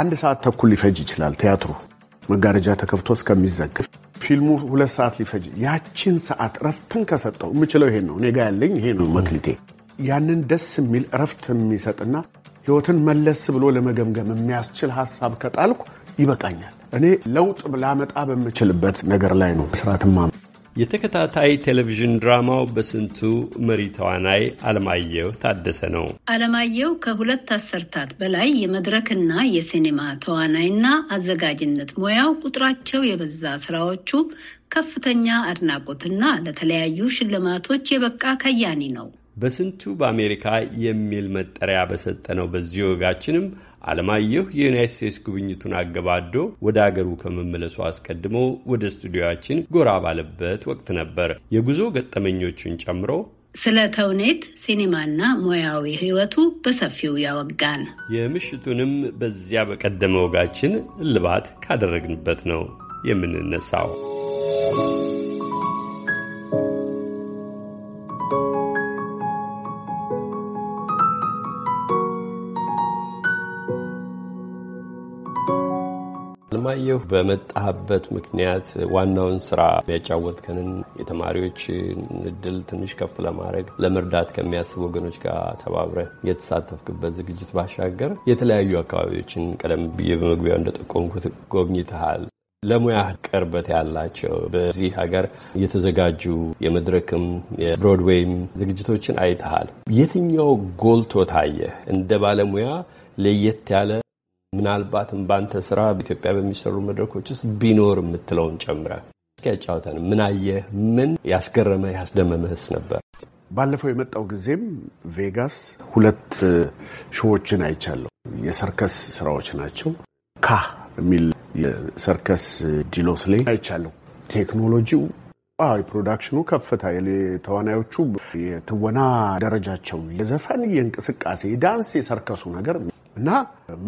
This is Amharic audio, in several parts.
አንድ ሰዓት ተኩል ሊፈጅ ይችላል። ቲያትሩ መጋረጃ ተከፍቶ እስከሚዘግብ ፊልሙ ሁለት ሰዓት ሊፈጅ፣ ያችን ሰዓት እረፍትን ከሰጠው የምችለው ይሄን ነው። እኔ ጋ ያለኝ ይሄ ነው መክሊቴ። ያንን ደስ የሚል እረፍት የሚሰጥና ህይወትን መለስ ብሎ ለመገምገም የሚያስችል ሀሳብ ከጣልኩ ይበቃኛል። እኔ ለውጥ ላመጣ በምችልበት ነገር ላይ ነው ስራትማ የተከታታይ ቴሌቪዥን ድራማው በስንቱ መሪ ተዋናይ አለማየሁ ታደሰ ነው። አለማየሁ ከሁለት አሰርታት በላይ የመድረክና የሲኔማ ተዋናይና አዘጋጅነት ሙያው ቁጥራቸው የበዛ ስራዎቹ ከፍተኛ አድናቆትና ለተለያዩ ሽልማቶች የበቃ ከያኒ ነው። በስንቱ በአሜሪካ የሚል መጠሪያ በሰጠነው በዚህ ወጋችንም አለማየሁ የዩናይት ስቴትስ ጉብኝቱን አገባዶ ወደ አገሩ ከመመለሱ አስቀድሞ ወደ ስቱዲዮችን ጎራ ባለበት ወቅት ነበር የጉዞ ገጠመኞቹን ጨምሮ ስለ ተውኔት ሲኒማና ሙያዊ ሕይወቱ በሰፊው ያወጋን። የምሽቱንም በዚያ በቀደመ ወጋችን እልባት ካደረግንበት ነው የምንነሳው። አለማየሁ በመጣህበት ምክንያት ዋናውን ስራ ያጫወትከንን የተማሪዎች እድል ትንሽ ከፍ ለማድረግ ለመርዳት ከሚያስቡ ወገኖች ጋር ተባብረ የተሳተፍክበት ዝግጅት ባሻገር የተለያዩ አካባቢዎችን ቀደም ብዬ በመግቢያው እንደጠቆምኩት ጎብኝተሃል። ለሙያ ቅርበት ያላቸው በዚህ ሀገር የተዘጋጁ የመድረክም የብሮድዌይም ዝግጅቶችን አይተሃል። የትኛው ጎልቶ ታየ? እንደ ባለሙያ ለየት ያለ ምናልባትም በአንተ ስራ በኢትዮጵያ በሚሰሩ መድረኮች ውስጥ ቢኖር የምትለውን ጨምረ እስኪ ያጫውተን። ምን አየህ? ምን ያስገረመ ያስደመመህስ ነበር? ባለፈው የመጣው ጊዜም ቬጋስ ሁለት ሾዎችን አይቻለሁ። የሰርከስ ስራዎች ናቸው። ካ የሚል የሰርከስ ላይ አይቻለሁ። ቴክኖሎጂው የፕሮዳክሽኑ ከፍታ፣ ተዋናዮቹ የትወና ደረጃቸው፣ የዘፈን የእንቅስቃሴ፣ የዳንስ የሰርከሱ ነገር እና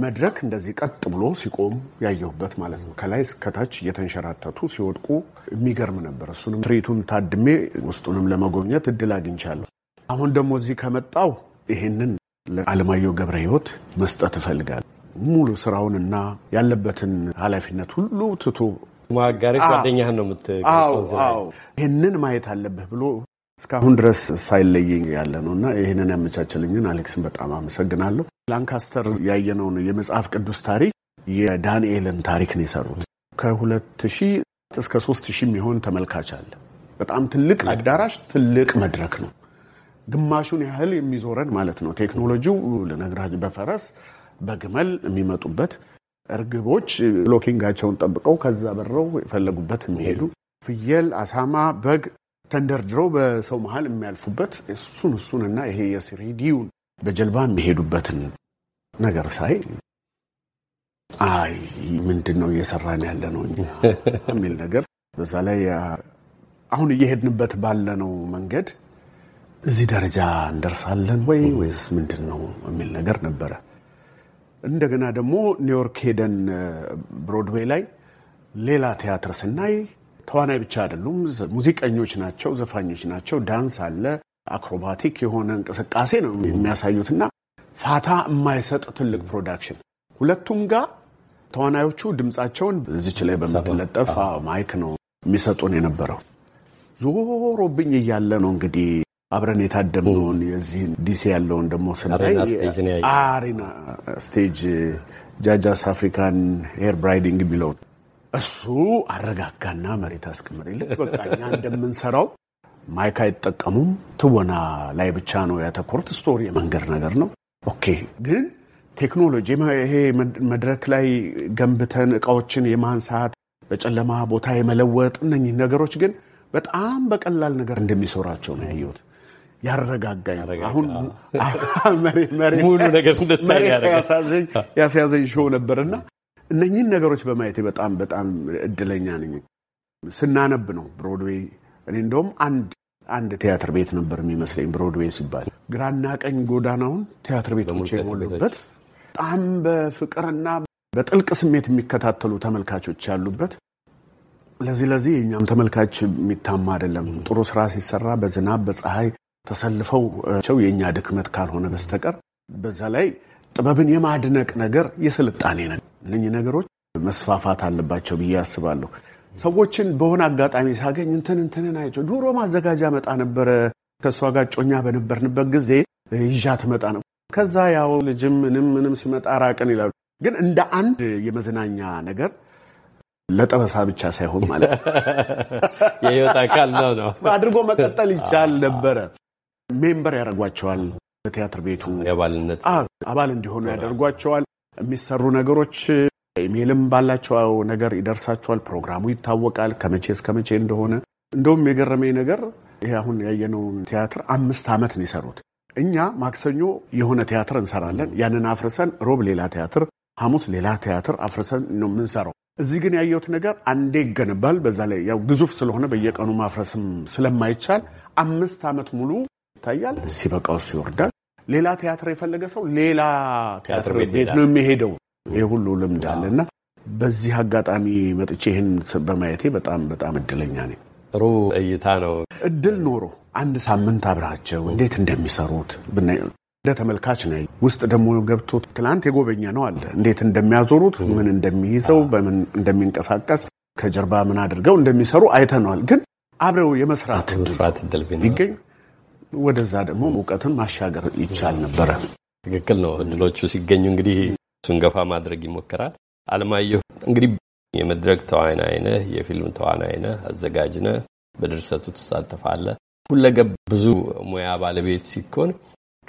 መድረክ እንደዚህ ቀጥ ብሎ ሲቆም ያየሁበት ማለት ነው። ከላይ እስከታች እየተንሸራተቱ ሲወድቁ የሚገርም ነበር። እሱንም ትርኢቱን ታድሜ ውስጡንም ለመጎብኘት እድል አግኝቻለሁ። አሁን ደግሞ እዚህ ከመጣው ይሄንን ለአለማየሁ ገብረ ህይወት መስጠት እፈልጋለሁ። ሙሉ ስራውንና ያለበትን ኃላፊነት ሁሉ ትቶ ማጋሪ ጓደኛህን ነው የምትገልጸው። ይህንን ማየት አለብህ ብሎ እስካሁን ድረስ ሳይለየኝ ያለ ነው እና ይህንን ያመቻችልኝን አሌክስን በጣም አመሰግናለሁ። ላንካስተር ያየነውን የመጽሐፍ ቅዱስ ታሪክ የዳንኤልን ታሪክ ነው የሰሩት። ከሁለት ሺህ እስከ ሶስት ሺህ የሚሆን ተመልካች አለ። በጣም ትልቅ አዳራሽ፣ ትልቅ መድረክ ነው። ግማሹን ያህል የሚዞረን ማለት ነው። ቴክኖሎጂው ልነግራችሁ በፈረስ በግመል የሚመጡበት እርግቦች ሎኪንጋቸውን ጠብቀው ከዛ በረው የፈለጉበት የሚሄዱ ፍየል፣ አሳማ፣ በግ ተንደርድረው በሰው መሀል የሚያልፉበት እሱን እሱንና ይሄ የስሪዲውን በጀልባ የሚሄዱበትን ነገር ሳይ አይ ምንድን ነው እየሰራን ያለ ነው የሚል ነገር በዛ ላይ አሁን እየሄድንበት ባለነው መንገድ እዚህ ደረጃ እንደርሳለን ወይ ወይስ ምንድን ነው የሚል ነገር ነበረ። እንደገና ደግሞ ኒውዮርክ ሄደን ብሮድዌይ ላይ ሌላ ቲያትር ስናይ ተዋናይ ብቻ አይደሉም፣ ሙዚቀኞች ናቸው፣ ዘፋኞች ናቸው። ዳንስ አለ፣ አክሮባቲክ የሆነ እንቅስቃሴ ነው የሚያሳዩት የሚያሳዩትና ፋታ የማይሰጥ ትልቅ ፕሮዳክሽን ሁለቱም ጋር ተዋናዮቹ ድምፃቸውን እዚች ላይ በምትለጠፍ ማይክ ነው የሚሰጡን የነበረው። ዞሮብኝ እያለ ነው እንግዲህ አብረን የታደምነውን የዚህ ዲሲ ያለውን ደግሞ ስናይ አሪና ስቴጅ ጃጃስ አፍሪካን ሄር ብራይዲንግ የሚለውን እሱ አረጋጋና መሬት አስቀምጥ ይልቅ በቃ እኛ እንደምንሰራው ማይክ አይጠቀሙም። ትወና ላይ ብቻ ነው ያተኮሩት። ስቶሪ የመንገድ ነገር ነው። ኦኬ ግን ቴክኖሎጂ ይሄ መድረክ ላይ ገንብተን እቃዎችን የማንሳት በጨለማ ቦታ የመለወጥ እነኚህ ነገሮች ግን በጣም በቀላል ነገር እንደሚሰራቸው ነው ያየሁት። ያረጋጋኝ አሁን መሬት ያስያዘኝ ሾው ነበርና እነኝን ነገሮች በማየቴ በጣም በጣም እድለኛ ነኝ። ስናነብ ነው ብሮድዌይ። እኔ እንደውም አንድ አንድ ቲያትር ቤት ነበር የሚመስለኝ ብሮድዌይ ሲባል ግራና ቀኝ ጎዳናውን ቲያትር ቤቶች የሞሉበት በጣም በፍቅርና በጥልቅ ስሜት የሚከታተሉ ተመልካቾች ያሉበት። ለዚህ ለዚህ የእኛም ተመልካች የሚታማ አይደለም። ጥሩ ስራ ሲሰራ በዝናብ በፀሐይ ተሰልፈው ቸው የእኛ ድክመት ካልሆነ በስተቀር በዛ ላይ ጥበብን የማድነቅ ነገር የስልጣኔ ነ እነኚህ ነገሮች መስፋፋት አለባቸው ብዬ አስባለሁ። ሰዎችን በሆነ አጋጣሚ ሳገኝ እንትን እንትን አይቼው ድሮ ማዘጋጃ መጣ ነበረ ከእሷ ጋር ጮኛ በነበርንበት ጊዜ ይዣት መጣ ነው። ከዛ ያው ልጅም ምንም ምንም ሲመጣ ራቅን ይላሉ። ግን እንደ አንድ የመዝናኛ ነገር ለጠበሳ ብቻ ሳይሆን ማለት የህይወት አካል ነው ነው አድርጎ መቀጠል ይቻል ነበረ። ሜምበር ያደርጓቸዋል በቲያትር ቤቱ አባል እንዲሆኑ ያደርጓቸዋል። የሚሰሩ ነገሮች ኢሜልም ባላቸው ነገር ይደርሳቸዋል። ፕሮግራሙ ይታወቃል፣ ከመቼ እስከ መቼ እንደሆነ። እንደውም የገረመኝ ነገር ይሄ አሁን ያየነውን ቲያትር አምስት ዓመት ነው የሰሩት። እኛ ማክሰኞ የሆነ ቲያትር እንሰራለን፣ ያንን አፍርሰን ሮብ ሌላ ቲያትር፣ ሐሙስ ሌላ ቲያትር አፍርሰን ነው የምንሰራው። እዚህ ግን ያየሁት ነገር አንዴ ይገነባል። በዛ ላይ ያው ግዙፍ ስለሆነ በየቀኑ ማፍረስም ስለማይቻል አምስት ዓመት ሙሉ ይታያል። ሲበቃው ሲወርዳል ይወርዳል። ሌላ ቲያትር የፈለገ ሰው ሌላ ቲያትር ቤት ነው የሚሄደው። ይህ ሁሉ ልምድ አለ በዚህ አጋጣሚ መጥቼ ይህን በማየቴ በጣም በጣም እድለኛ ነኝ። ጥሩ እይታ ነው። እድል ኖሮ አንድ ሳምንት አብራቸው እንዴት እንደሚሰሩት ብናይ እንደ ተመልካች ነ ውስጥ ደግሞ ገብቶ ትናንት የጎበኘ ነው አለ እንዴት እንደሚያዞሩት፣ ምን እንደሚይዘው፣ በምን እንደሚንቀሳቀስ፣ ከጀርባ ምን አድርገው እንደሚሰሩ አይተነዋል። ግን አብረው የመስራት እድል ቢገኝ ወደዛ ደግሞ ሙቀትን ማሻገር ይቻል ነበረ። ትክክል ነው። እድሎቹ ሲገኙ እንግዲህ ሱንገፋ ማድረግ ይሞከራል። አለማየሁ እንግዲህ የመድረክ ተዋናይ የፊልም ተዋናይ ነህ፣ በድርሰቱ ትሳተፋለህ። ሁለገብ ብዙ ሙያ ባለቤት ሲኮን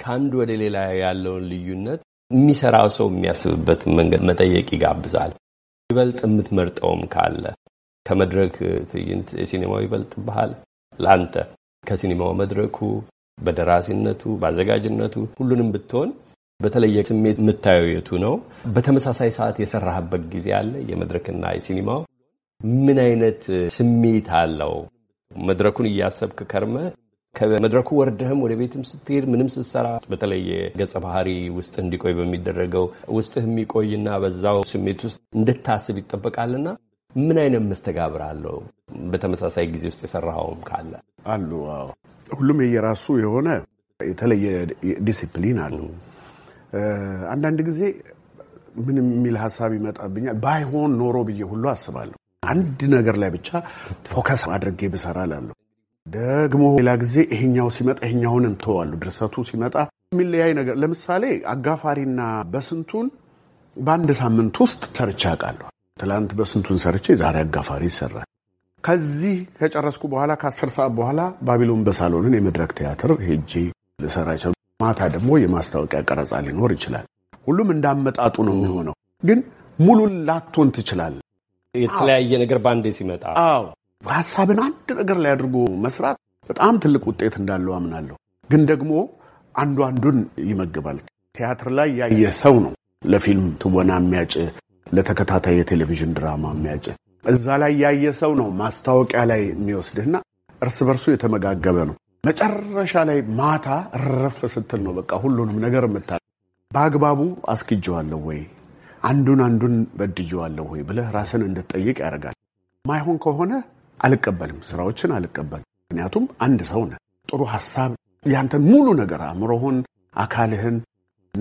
ከአንድ ወደ ሌላ ያለውን ልዩነት የሚሰራው ሰው የሚያስብበትን መንገድ መጠየቅ ይጋብዛል። ይበልጥ የምትመርጠውም ካለ ከመድረክ ትዕይንት የሲኔማው ይበልጥ ባህል ለአንተ ከሲኒማው መድረኩ፣ በደራሲነቱ፣ በአዘጋጅነቱ ሁሉንም ብትሆን በተለየ ስሜት የምታየው የቱ ነው? በተመሳሳይ ሰዓት የሰራህበት ጊዜ አለ? የመድረክና የሲኒማው ምን አይነት ስሜት አለው? መድረኩን እያሰብክ ከርመ ከመድረኩ ወርደህም ወደ ቤትም ስትሄድ ምንም ስትሰራ በተለየ ገጸ ባህሪ ውስጥ እንዲቆይ በሚደረገው ውስጥህ የሚቆይና በዛው ስሜት ውስጥ እንድታስብ ይጠበቃልና ምን አይነት መስተጋብር አለው? በተመሳሳይ ጊዜ ውስጥ የሰራውም ካለ አሉ። ሁሉም የየራሱ የሆነ የተለየ ዲሲፕሊን አሉ። አንዳንድ ጊዜ ምን የሚል ሀሳብ ይመጣብኛል፣ ባይሆን ኖሮ ብዬ ሁሉ አስባለሁ። አንድ ነገር ላይ ብቻ ፎከስ አድርጌ ብሰራ ላለሁ ደግሞ ሌላ ጊዜ ይሄኛው ሲመጣ ይሄኛውን እንተዋሉ። ድርሰቱ ሲመጣ የሚለያይ ነገር ለምሳሌ አጋፋሪና በስንቱን በአንድ ሳምንት ውስጥ ሰርቻ አውቃለሁ። ትላንት በስንቱን ሰርቼ ዛሬ አጋፋሪ ይሰራል። ከዚህ ከጨረስኩ በኋላ ከአስር ሰዓት በኋላ ባቢሎን በሳሎንን የመድረክ ቲያትር ሄጄ ልሰራ ይችላል። ማታ ደግሞ የማስታወቂያ ቀረጻ ሊኖር ይችላል። ሁሉም እንዳመጣጡ ነው የሚሆነው። ግን ሙሉን ላትሆን ትችላል። የተለያየ ነገር በአንዴ ሲመጣ፣ አዎ ሀሳብን አንድ ነገር ላይ አድርጎ መስራት በጣም ትልቅ ውጤት እንዳለው አምናለሁ። ግን ደግሞ አንዱ አንዱን ይመግባል። ቲያትር ላይ ያየ ሰው ነው ለፊልም ትወና የሚያጭ ለተከታታይ የቴሌቪዥን ድራማ የሚያጭ እዛ ላይ ያየ ሰው ነው ማስታወቂያ ላይ የሚወስድህና እርስ በርሱ የተመጋገበ ነው። መጨረሻ ላይ ማታ እረፍ ስትል ነው በቃ ሁሉንም ነገር የምታ በአግባቡ አስኪጀዋለሁ ወይ አንዱን አንዱን በድየዋለሁ ወይ ብለ ራስን እንድትጠይቅ ያደርጋል። ማይሆን ከሆነ አልቀበልም፣ ስራዎችን አልቀበልም። ምክንያቱም አንድ ሰው ነ ጥሩ ሀሳብ ያንተን ሙሉ ነገር አእምሮሆን አካልህን፣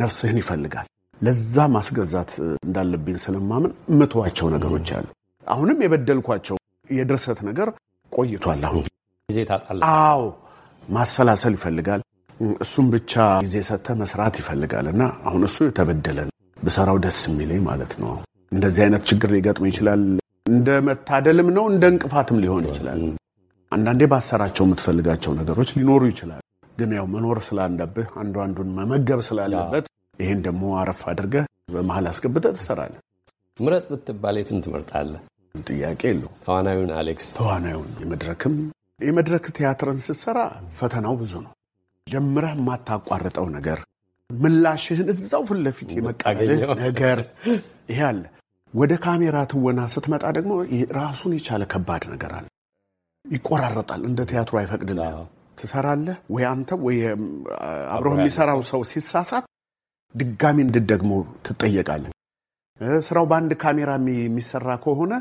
ነፍስህን ይፈልጋል። ለዛ ማስገዛት እንዳለብኝ ስለማምን ምትዋቸው ነገሮች አሉ። አሁንም የበደልኳቸው የድርሰት ነገር ቆይቷል። አሁን ጊዜ አዎ ማሰላሰል ይፈልጋል። እሱም ብቻ ጊዜ ሰጥተህ መስራት ይፈልጋል እና አሁን እሱ የተበደለን ብሰራው ደስ የሚለኝ ማለት ነው። እንደዚህ አይነት ችግር ሊገጥም ይችላል። እንደ መታደልም ነው፣ እንደ እንቅፋትም ሊሆን ይችላል። አንዳንዴ ባሰራቸው የምትፈልጋቸው ነገሮች ሊኖሩ ይችላል። ግን ያው መኖር ስላለብህ አንዱ አንዱን መመገብ ስላለበት ይህን ደግሞ አረፍ አድርገህ በመሀል አስገብተህ ትሰራለህ። ምረጥ ብትባል የትን ትመርጣለህ? ጥያቄ የለው። ተዋናዩን አሌክስ፣ ተዋናዩን የመድረክም የመድረክ ቲያትርን ስትሰራ ፈተናው ብዙ ነው። ጀምረህ የማታቋርጠው ነገር ምላሽህን እዛው ፊት ለፊት ነገር ይሄ አለ። ወደ ካሜራ ትወና ስትመጣ ደግሞ ራሱን የቻለ ከባድ ነገር አለ። ይቆራረጣል። እንደ ቲያትሩ አይፈቅድልህ። ትሰራለህ ወይ አንተ ወይ አብረው የሚሰራው ሰው ሲሳሳት ድጋሚ እንድደግሞ ትጠየቃለን። ስራው በአንድ ካሜራ የሚሰራ ከሆነ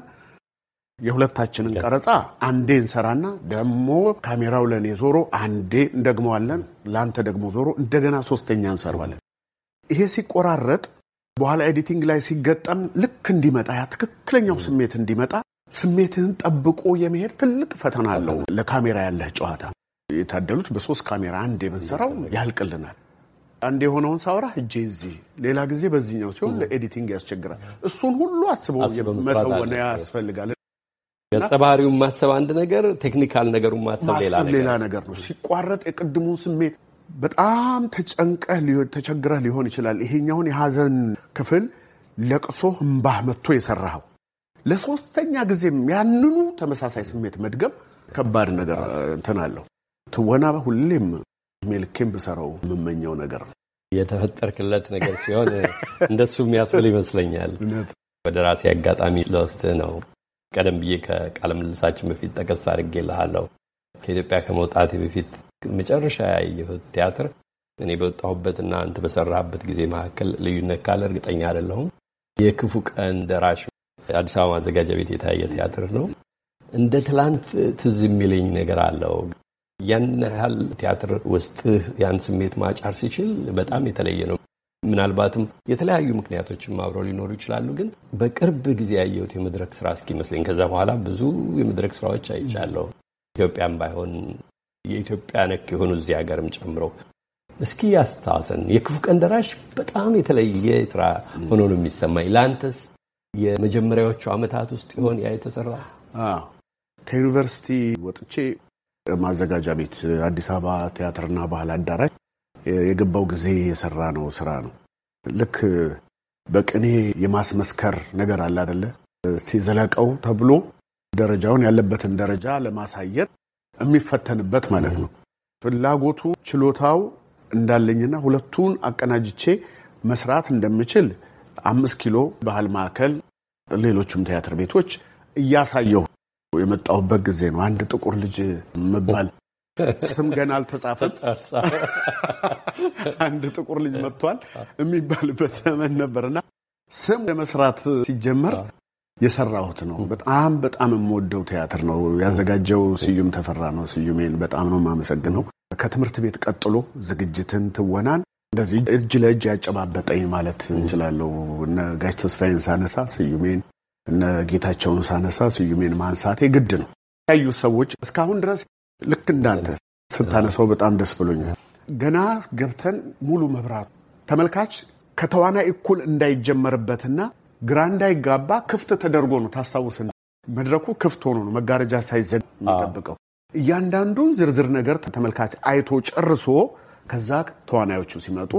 የሁለታችንን ቀረጻ አንዴ እንሰራና ደግሞ ካሜራው ለእኔ ዞሮ አንዴ እንደግመዋለን፣ ለአንተ ደግሞ ዞሮ እንደገና ሶስተኛ እንሰራዋለን። ይሄ ሲቆራረጥ በኋላ ኤዲቲንግ ላይ ሲገጠም ልክ እንዲመጣ ያ ትክክለኛው mm. ስሜት እንዲመጣ ስሜትህን ጠብቆ የመሄድ ትልቅ ፈተና አለው። ለካሜራ ያለህ ጨዋታ የታደሉት በሶስት ካሜራ አንዴ ብንሰራው ያልቅልናል። አንድ የሆነውን ሳውራ እጄ እዚህ ሌላ ጊዜ በዚህኛው ሲሆን ለኤዲቲንግ ያስቸግራል። እሱን ሁሉ አስበው መተወን ያስፈልጋል። ገጸ ባህሪውን ማሰብ አንድ ነገር፣ ቴክኒካል ነገሩን ማሰብ ሌላ ነገር ነው። ሲቋረጥ የቅድሙን ስሜት በጣም ተጨንቀህ ተቸግረህ ሊሆን ይችላል። ይሄኛውን የሀዘን ክፍል ለቅሶ እምባህ መጥቶ የሰራኸው ለሶስተኛ ጊዜም ያንኑ ተመሳሳይ ስሜት መድገም ከባድ ነገር እንትን አለው። ትወና ሁሌም እድሜ ብሰራው የምመኘው ነገር ነው። የተፈጠርክለት ነገር ሲሆን እንደሱ የሚያስብል ይመስለኛል። ወደ ራሴ አጋጣሚ ለወስድ ነው። ቀደም ብዬ ከቃለ ምልልሳችን በፊት ጠቀስ አድርጌ ልሃለሁ። ከኢትዮጵያ ከመውጣቴ በፊት መጨረሻ ያየሁት ቲያትር እኔ በወጣሁበትና አንተ በሰራህበት ጊዜ መካከል ልዩነት ካለ እርግጠኛ አይደለሁም። የክፉ ቀን ደራሽ አዲስ አበባ ማዘጋጃ ቤት የታየ ቲያትር ነው። እንደ ትላንት ትዝ የሚለኝ ነገር አለው ያን ያህል ቲያትር ውስጥ ያን ስሜት ማጫር ሲችል በጣም የተለየ ነው። ምናልባትም የተለያዩ ምክንያቶችም አብረው ሊኖሩ ይችላሉ። ግን በቅርብ ጊዜ ያየሁት የመድረክ ስራ እስኪመስለኝ ከዛ በኋላ ብዙ የመድረክ ስራዎች አይቻለሁ። ኢትዮጵያም ባይሆን የኢትዮጵያ ነክ የሆኑ እዚህ ሀገርም ጨምሮ እስኪ ያስታውሰን። የክፉ ቀን ደራሽ በጣም የተለየ ስራ ሆኖ ነው የሚሰማኝ። ለአንተስ የመጀመሪያዎቹ ዓመታት ውስጥ ይሆን ያ የተሰራ? ከዩኒቨርሲቲ ወጥቼ ማዘጋጃ ቤት አዲስ አበባ ቲያትርና ባህል አዳራሽ የገባው ጊዜ የሰራ ነው ስራ ነው። ልክ በቅኔ የማስመስከር ነገር አለ አደለ? እስቲ ዘለቀው ተብሎ ደረጃውን ያለበትን ደረጃ ለማሳየት የሚፈተንበት ማለት ነው። ፍላጎቱ ችሎታው እንዳለኝና ሁለቱን አቀናጅቼ መስራት እንደምችል አምስት ኪሎ ባህል ማዕከል፣ ሌሎችም ቲያትር ቤቶች እያሳየሁ የመጣሁበት ጊዜ ነው። አንድ ጥቁር ልጅ መባል ስም ገና አልተጻፈም። አንድ ጥቁር ልጅ መጥቷል የሚባልበት ዘመን ነበርና ስም ለመስራት ሲጀመር የሰራሁት ነው። በጣም በጣም የምወደው ቲያትር ነው። ያዘጋጀው ስዩም ተፈራ ነው። ስዩሜን በጣም ነው የማመሰግነው። ከትምህርት ቤት ቀጥሎ ዝግጅትን፣ ትወናን እንደዚህ እጅ ለእጅ ያጨባበጠኝ ማለት እንችላለሁ። እነ ጋሽ ተስፋዬን ሳነሳ ስዩሜን እነ ጌታቸውን ሳነሳ ስዩሜን ማንሳቴ ግድ ነው። ያዩ ሰዎች እስካሁን ድረስ ልክ እንዳንተ ስታነሳው በጣም ደስ ብሎኛል። ገና ገብተን ሙሉ መብራቱ ተመልካች ከተዋናይ እኩል እንዳይጀመርበትና ግራ እንዳይጋባ ክፍት ተደርጎ ነው። ታስታውስ መድረኩ ክፍት ሆኖ ነው መጋረጃ ሳይዘግ የሚጠብቀው። እያንዳንዱን ዝርዝር ነገር ተመልካች አይቶ ጨርሶ ከዛ ተዋናዮቹ ሲመጡ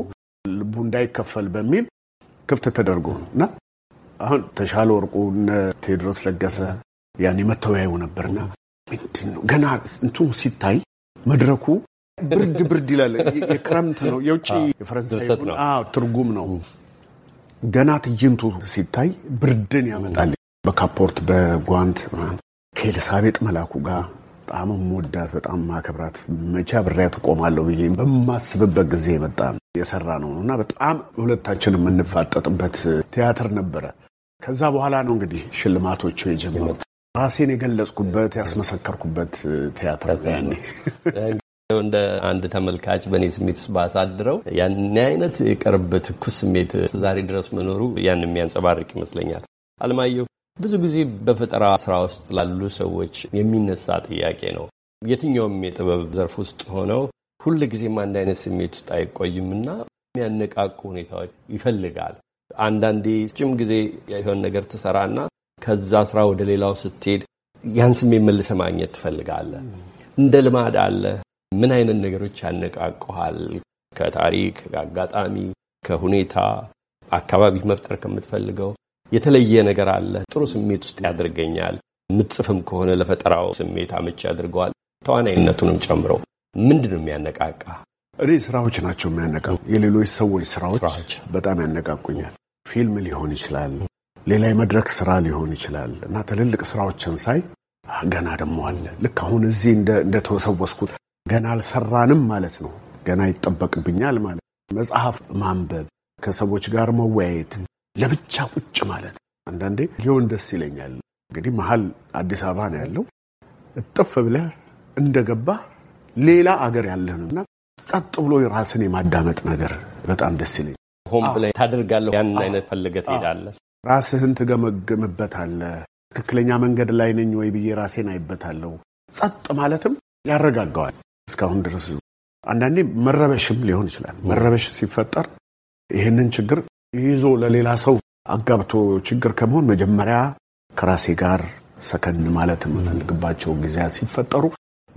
ልቡ እንዳይከፈል በሚል ክፍት ተደርጎ ነው እና አሁን ተሻለ ወርቁ ቴዎድሮስ ለገሰ ያኔ መተወያዩ ነበርና ምንድን ነው ገና እንቱ ሲታይ መድረኩ ብርድ ብርድ ይላል። የክረምት ነው፣ የውጭ የፈረንሳይ ትርጉም ነው። ገና ትዕይንቱ ሲታይ ብርድን ያመጣል። በካፖርት በጓንት ከኤልሳቤጥ መላኩ ጋር በጣም የምወዳት በጣም ማከብራት መቼ አብሬያት እቆማለሁ ብዬ በማስብበት ጊዜ የመጣ የሰራ ነው እና በጣም ሁለታችን የምንፋጠጥበት ቲያትር ነበረ። ከዛ በኋላ ነው እንግዲህ ሽልማቶቹ የጀመሩት። ራሴን የገለጽኩበት ያስመሰከርኩበት ቲያትር ያኔ እንደ አንድ ተመልካች በእኔ ስሜት ውስጥ ባሳድረው ያን አይነት የቅርብ ትኩስ ስሜት ዛሬ ድረስ መኖሩ ያን የሚያንጸባርቅ ይመስለኛል። አለማየሁ፣ ብዙ ጊዜ በፈጠራ ስራ ውስጥ ላሉ ሰዎች የሚነሳ ጥያቄ ነው። የትኛውም የጥበብ ዘርፍ ውስጥ ሆነው ጊዜም አንድ አይነት ስሜት ውስጥ አይቆይምና የሚያነቃቁ ሁኔታዎች ይፈልጋል። አንዳንዴ ጭም ጊዜ የሆን ነገር ትሰራና ከዛ ስራ ወደ ሌላው ስትሄድ ያን ስሜት መልሰ ማግኘት ትፈልጋለህ። እንደ ልማድ አለ። ምን አይነት ነገሮች ያነቃቁሃል? ከታሪክ አጋጣሚ፣ ከሁኔታ አካባቢ መፍጠር ከምትፈልገው የተለየ ነገር አለ። ጥሩ ስሜት ውስጥ ያደርገኛል። ምጽፍም ከሆነ ለፈጠራው ስሜት አመቺ ያድርገዋል። ተዋናይነቱንም ጨምሮ ምንድን ነው የሚያነቃቃ? እኔ ስራዎች ናቸው የሚያነቃ የሌሎች ሰዎች ስራዎች በጣም ያነቃቁኛል። ፊልም ሊሆን ይችላል፣ ሌላ የመድረክ ስራ ሊሆን ይችላል እና ትልልቅ ስራዎችን ሳይ ገና ደግሞ አለ ልክ አሁን እዚህ እንደተወሰወስኩት ገና አልሰራንም ማለት ነው። ገና ይጠበቅብኛል ማለት መጽሐፍ ማንበብ፣ ከሰዎች ጋር መወያየት፣ ለብቻ ቁጭ ማለት አንዳንዴ ሊሆን ደስ ይለኛል። እንግዲህ መሀል አዲስ አበባ ነው ያለው። እጥፍ ብለህ እንደገባ ሌላ አገር ያለንና ጸጥ ብሎ ራስን የማዳመጥ ነገር በጣም ደስ ይለኛል። ሆን ብለህ ታደርጋለህ? ያን አይነት ፈልገህ ትሄዳለህ? ራስህን ትገመግምበታለህ። ትክክለኛ መንገድ ላይ ነኝ ወይ ብዬ ራሴን አይበታለሁ። ጸጥ ማለትም ያረጋጋዋል። እስካሁን ድረስ አንዳንዴ መረበሽም ሊሆን ይችላል። መረበሽ ሲፈጠር ይህንን ችግር ይዞ ለሌላ ሰው አጋብቶ ችግር ከመሆን መጀመሪያ ከራሴ ጋር ሰከን ማለት የምፈልግባቸው ጊዜያት ሲፈጠሩ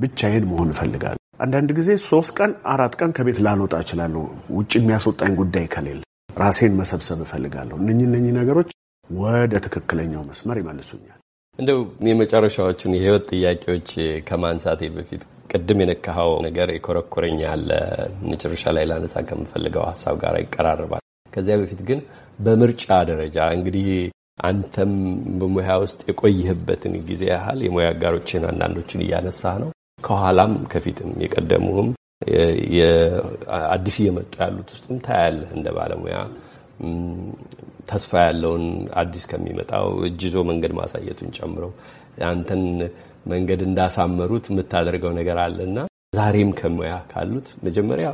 ብቻዬን መሆን እፈልጋለሁ። አንዳንድ ጊዜ ሶስት ቀን አራት ቀን ከቤት ላልወጣ እችላለሁ። ውጭ የሚያስወጣኝ ጉዳይ ከሌለ ራሴን መሰብሰብ እፈልጋለሁ። እነኝ እነኚህ ነገሮች ወደ ትክክለኛው መስመር ይመልሱኛል። እንደው የመጨረሻዎቹን የህይወት ጥያቄዎች ከማንሳቴ በፊት ቅድም የነካኸው ነገር ያለ መጨረሻ ላይ ላነሳ ከምፈልገው ሀሳብ ጋር ይቀራርባል። ከዚያ በፊት ግን በምርጫ ደረጃ እንግዲህ አንተም በሙያ ውስጥ የቆይህበትን ጊዜ ያህል የሙያ አጋሮችን አንዳንዶችን እያነሳህ ነው ከኋላም ከፊትም የቀደሙም አዲስ እየመጡ ያሉት ውስጥም ታያለህ። እንደ ባለሙያ ተስፋ ያለውን አዲስ ከሚመጣው እጅ ይዞ መንገድ ማሳየቱን ጨምረው አንተን መንገድ እንዳሳመሩት የምታደርገው ነገር አለና ዛሬም ከሙያ ካሉት መጀመሪያ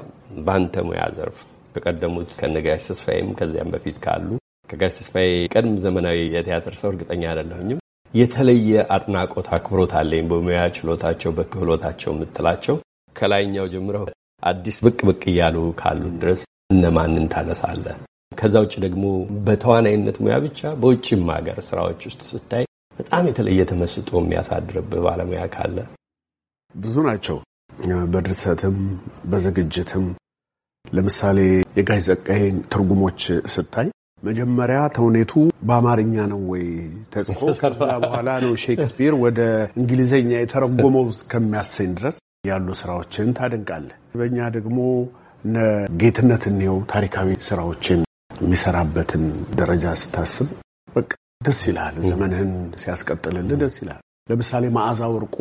በአንተ ሙያ ዘርፍ ከቀደሙት ከነጋሽ ተስፋዬም ከዚያም በፊት ካሉ ከጋሽ ተስፋዬ ቀድም ዘመናዊ የቲያትር ሰው እርግጠኛ አይደለሁኝም የተለየ አድናቆት አክብሮት አለኝ በሙያ ችሎታቸው በክህሎታቸው የምትላቸው ከላይኛው ጀምረው አዲስ ብቅ ብቅ እያሉ ካሉት ድረስ እነማንን ታነሳለህ? ከዛ ውጭ ደግሞ በተዋናይነት ሙያ ብቻ በውጭም ሀገር ስራዎች ውስጥ ስታይ በጣም የተለየ ተመስጦ የሚያሳድርብህ ባለሙያ ካለ? ብዙ ናቸው። በድርሰትም በዝግጅትም ለምሳሌ የጋሽ ጸጋዬን ትርጉሞች ስታይ መጀመሪያ ተውኔቱ በአማርኛ ነው ወይ ተጽፎ ከዛ በኋላ ነው ሼክስፒር ወደ እንግሊዝኛ የተረጎመው እስከሚያሰኝ ድረስ ያሉ ስራዎችን ታደንቃለህ። በእኛ ደግሞ እነ ጌትነት እንየው ታሪካዊ ስራዎችን የሚሰራበትን ደረጃ ስታስብ በቃ ደስ ይላል። ዘመንህን ሲያስቀጥልልህ ደስ ይላል። ለምሳሌ መዓዛ ወርቁ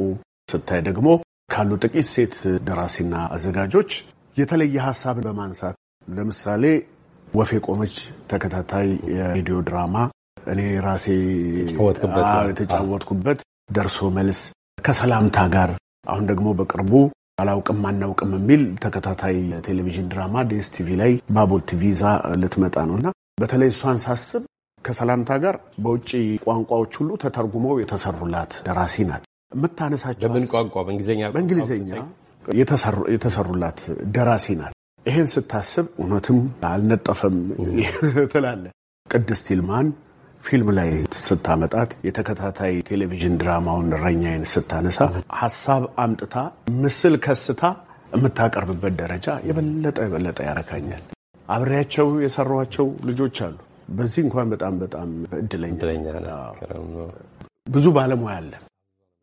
ስታይ ደግሞ ካሉ ጥቂት ሴት ደራሲና አዘጋጆች የተለየ ሀሳብን በማንሳት ለምሳሌ ወፍ የቆመች ተከታታይ የሬዲዮ ድራማ እኔ ራሴ የተጫወትኩበት ደርሶ መልስ ከሰላምታ ጋር አሁን ደግሞ በቅርቡ አላውቅም አናውቅም የሚል ተከታታይ ቴሌቪዥን ድራማ ዴስ ቲቪ ላይ ባቦል ቲቪ ዛ ልትመጣ ነው እና በተለይ እሷን ሳስብ ከሰላምታ ጋር በውጭ ቋንቋዎች ሁሉ ተተርጉመው የተሰሩላት ደራሲ ናት። የምታነሳቸው በምን ቋንቋ? በእንግሊዝኛ የተሰሩላት ደራሲ ናት። ይህን ስታስብ እውነትም አልነጠፈም ትላለ። ቅድስት ይልማን ፊልም ላይ ስታመጣት የተከታታይ ቴሌቪዥን ድራማውን እረኛዬን ስታነሳ ሀሳብ አምጥታ ምስል ከስታ የምታቀርብበት ደረጃ የበለጠ የበለጠ ያረካኛል። አብሬያቸው የሰሯቸው ልጆች አሉ። በዚህ እንኳን በጣም በጣም እድለኛ ብዙ ባለሙያ አለ።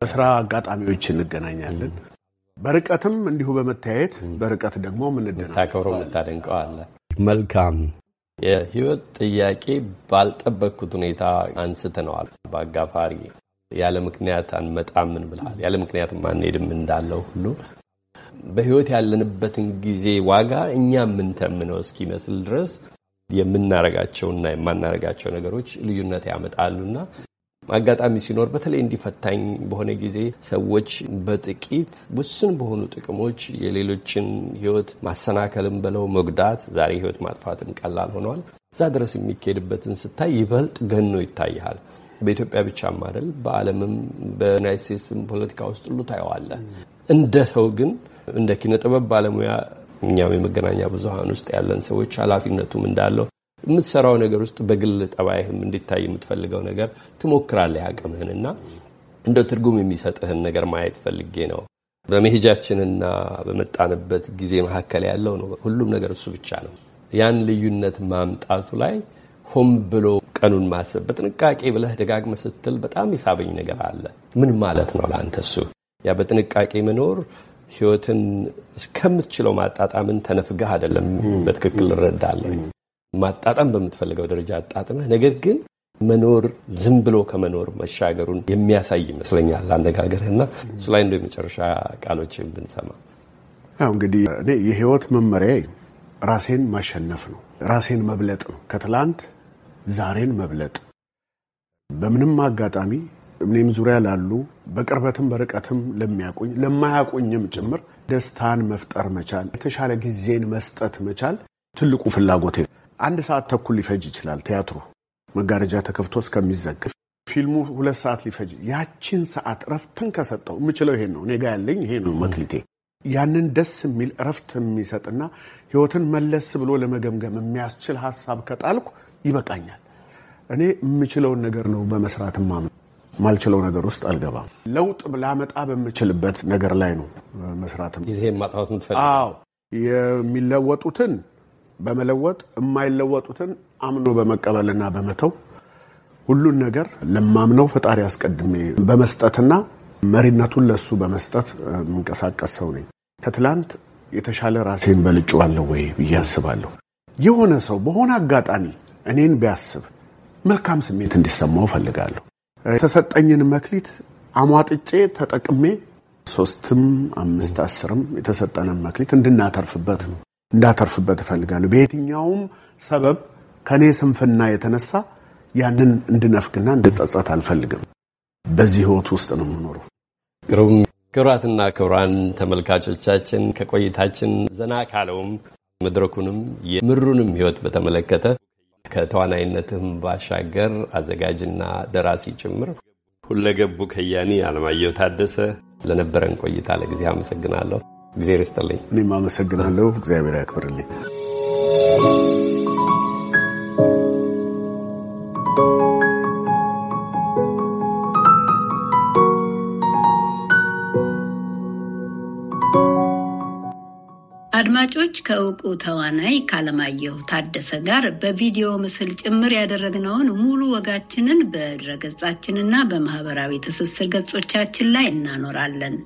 በስራ አጋጣሚዎች እንገናኛለን። በርቀትም እንዲሁ በመታየት በርቀት ደግሞ ምንድነው የምታደንቀው አለ። መልካም የህይወት ጥያቄ ባልጠበቅኩት ሁኔታ አንስተነዋል። በአጋፋሪ ያለ ምክንያት አንመጣምን ብልሃል። ያለ ምክንያት አንሄድም እንዳለው ሁሉ በህይወት ያለንበትን ጊዜ ዋጋ እኛ የምንተምነው እስኪመስል ድረስ የምናረጋቸውና የማናረጋቸው ነገሮች ልዩነት ያመጣሉና አጋጣሚ ሲኖር በተለይ እንዲፈታኝ በሆነ ጊዜ ሰዎች በጥቂት ውስን በሆኑ ጥቅሞች የሌሎችን ህይወት ማሰናከልም ብለው መጉዳት ዛሬ ህይወት ማጥፋትም ቀላል ሆነዋል። እዛ ድረስ የሚካሄድበትን ስታይ ይበልጥ ገኖ ይታይሃል። በኢትዮጵያ ብቻም አይደል፣ በዓለምም በዩናይት ስቴትስም ፖለቲካ ውስጥ ሁሉ ታየዋለህ። እንደ ሰው ግን እንደ ኪነ ጥበብ ባለሙያ እኛም የመገናኛ ብዙሀን ውስጥ ያለን ሰዎች ኃላፊነቱም እንዳለው የምትሰራው ነገር ውስጥ በግል ጠባይህም እንዲታይ የምትፈልገው ነገር ትሞክራለህ አቅምህንና እንደ ትርጉም የሚሰጥህን ነገር ማየት ፈልጌ ነው። በመሄጃችንና በመጣንበት ጊዜ መካከል ያለው ነው። ሁሉም ነገር እሱ ብቻ ነው። ያን ልዩነት ማምጣቱ ላይ ሆም ብሎ ቀኑን ማሰብ በጥንቃቄ ብለህ ደጋግመ ስትል በጣም የሳበኝ ነገር አለ። ምን ማለት ነው ለአንተ እሱ? ያ በጥንቃቄ መኖር ህይወትን እስከምትችለው ማጣጣምን ተነፍገህ አይደለም። በትክክል እረዳለሁ። ማጣጣም በምትፈልገው ደረጃ አጣጥመህ ነገር ግን መኖር ዝም ብሎ ከመኖር መሻገሩን የሚያሳይ ይመስለኛል አነጋገርህ እና እሱ ላይ እንደ የመጨረሻ ቃሎች ብንሰማ። ያው እንግዲህ እኔ የህይወት መመሪያ ራሴን ማሸነፍ ነው። ራሴን መብለጥ ነው። ከትላንት ዛሬን መብለጥ በምንም አጋጣሚ እኔም ዙሪያ ላሉ በቅርበትም በርቀትም ለሚያቁኝ ለማያቁኝም ጭምር ደስታን መፍጠር መቻል፣ የተሻለ ጊዜን መስጠት መቻል ትልቁ ፍላጎቴ አንድ ሰዓት ተኩል ሊፈጅ ይችላል። ቲያትሩ መጋረጃ ተከፍቶ እስከሚዘጋ ፊልሙ ሁለት ሰዓት ሊፈጅ፣ ያቺን ሰዓት እረፍትን ከሰጠው የምችለው ይሄን ነው። እኔ ጋ ያለኝ ይሄ ነው መክሊቴ። ያንን ደስ የሚል እረፍት የሚሰጥና ህይወትን መለስ ብሎ ለመገምገም የሚያስችል ሀሳብ ከጣልኩ ይበቃኛል። እኔ የምችለውን ነገር ነው በመስራት ማምን ማልችለው ነገር ውስጥ አልገባም። ለውጥ ላመጣ በምችልበት ነገር ላይ ነው መስራት ጊዜን ማጥፋት የሚለወጡትን በመለወጥ የማይለወጡትን አምኖ በመቀበልና በመተው ሁሉን ነገር ለማምነው ፈጣሪ አስቀድሜ በመስጠትና መሪነቱን ለሱ በመስጠት የምንቀሳቀስ ሰው ነኝ። ከትላንት የተሻለ ራሴን በልጬዋለሁ ወይ ብዬ አስባለሁ። የሆነ ሰው በሆነ አጋጣሚ እኔን ቢያስብ መልካም ስሜት እንዲሰማው ፈልጋለሁ የተሰጠኝን መክሊት አሟጥጬ ተጠቅሜ ሶስትም፣ አምስት፣ አስርም የተሰጠንን መክሊት እንድናተርፍበት ነው። እንዳተርፍበት እፈልጋለሁ። በየትኛውም ሰበብ ከእኔ ስንፍና የተነሳ ያንን እንድነፍግና እንድጸጸት አልፈልግም። በዚህ ህይወት ውስጥ ነው የምኖረው። ግሩም። ክቡራትና ክቡራን ተመልካቾቻችን ከቆይታችን ዘና ካለውም መድረኩንም የምሩንም ህይወት በተመለከተ ከተዋናይነትም ባሻገር አዘጋጅና ደራሲ ጭምር ሁለገቡ ከያኒ አለማየሁ ታደሰ ለነበረን ቆይታ ለጊዜ አመሰግናለሁ። እግዜር ይስጥልኝ። እኔም አመሰግናለሁ። እግዚአብሔር ያክብርልኝ። አድማጮች ከእውቁ ተዋናይ ካለማየሁ ታደሰ ጋር በቪዲዮ ምስል ጭምር ያደረግነውን ሙሉ ወጋችንን በድረገጻችንና በማህበራዊ ትስስር ገጾቻችን ላይ እናኖራለን።